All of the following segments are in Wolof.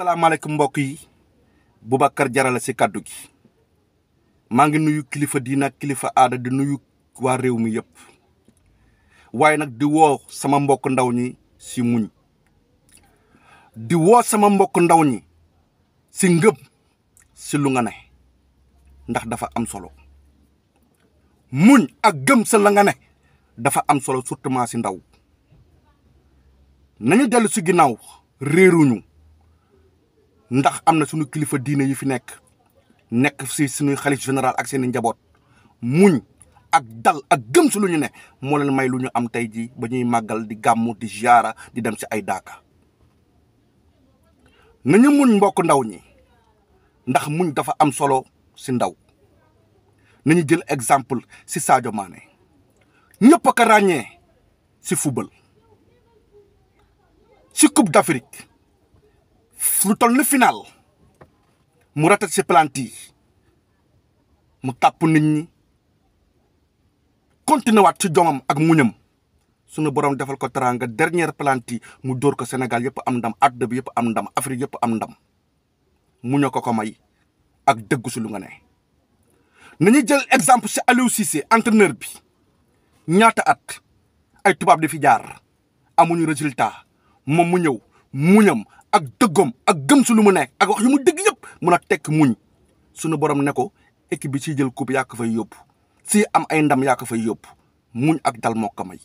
salaamaaleykum mbokk yi Boubacar Jara la si kàddu gi maa ngi nuyu kilifa diina ak kilifa aada di nuyu waa réew mi yëpp waaye nag di woo sama mbokk ndaw ñi si muñ di woo sama mbokk ndaw ñi si ngëm si lu nga ne ndax dafa am solo muñ ak gëm sa la nga ne dafa am solo surtout si ndaw nañu dellu si ginnaaw réeruñu ndax am na suñu kilifa diine yu fi nekk nekk si suñuy xalif général ak seen njaboot muñ ak dal ak gëm su lu ñu ne moo leen may lu ñu am tey ji ba ñuy màggal di gàmmu di jaara di dem si ay daaka nañu muñ mbokk ndaw ñi ndax muñ dafa am solo si ndaw nañu jël exemple si Sadio Mané ñëpp a ràññee si football si Coupe d'Afrique lu toll na finaal mu ratat si plante mu tàpp nit ñi continué waat ci jomam ak muñam sunu borom defal ko teraanga dernière plante mu dóor ko senegal yëpp am ndam àdduna bi yëpp am ndam Afrique yëpp am ndam muñu ko ko may ak dëggu si lu nga ne. nañu jël exemple si Aliou Cissé entraîneur bi ñaata at ay tubaab di fi jaar amuñu résultat moom mu ñëw muñam ak dëggoom ak gëm su lu mu nekk ak wax yu mu dëgg yëpp mun a tekk muñ sunu borom ne ko équipe bi siy jël coupe yaa ko fay yóbbu si am ay ndam yaa fay yóbbu muñ ak dal moo ko may.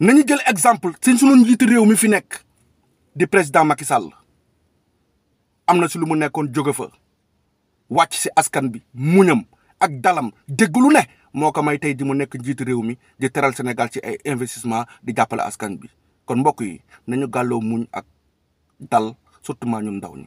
nañu jël exemple si sunu njiitu réew mi fi nekk di président Macky Sall am na si lu mu nekkoon jóge fa wàcc si askan bi muñam ak dalam dégg lu ne moo ko may tey di mu nekk njiitu réew mi di teral Sénégal ci ay investissement di jàppale askan bi kon mbokk yi nañu gàlloo muñ ak. dal surtout ñun ndaw ñi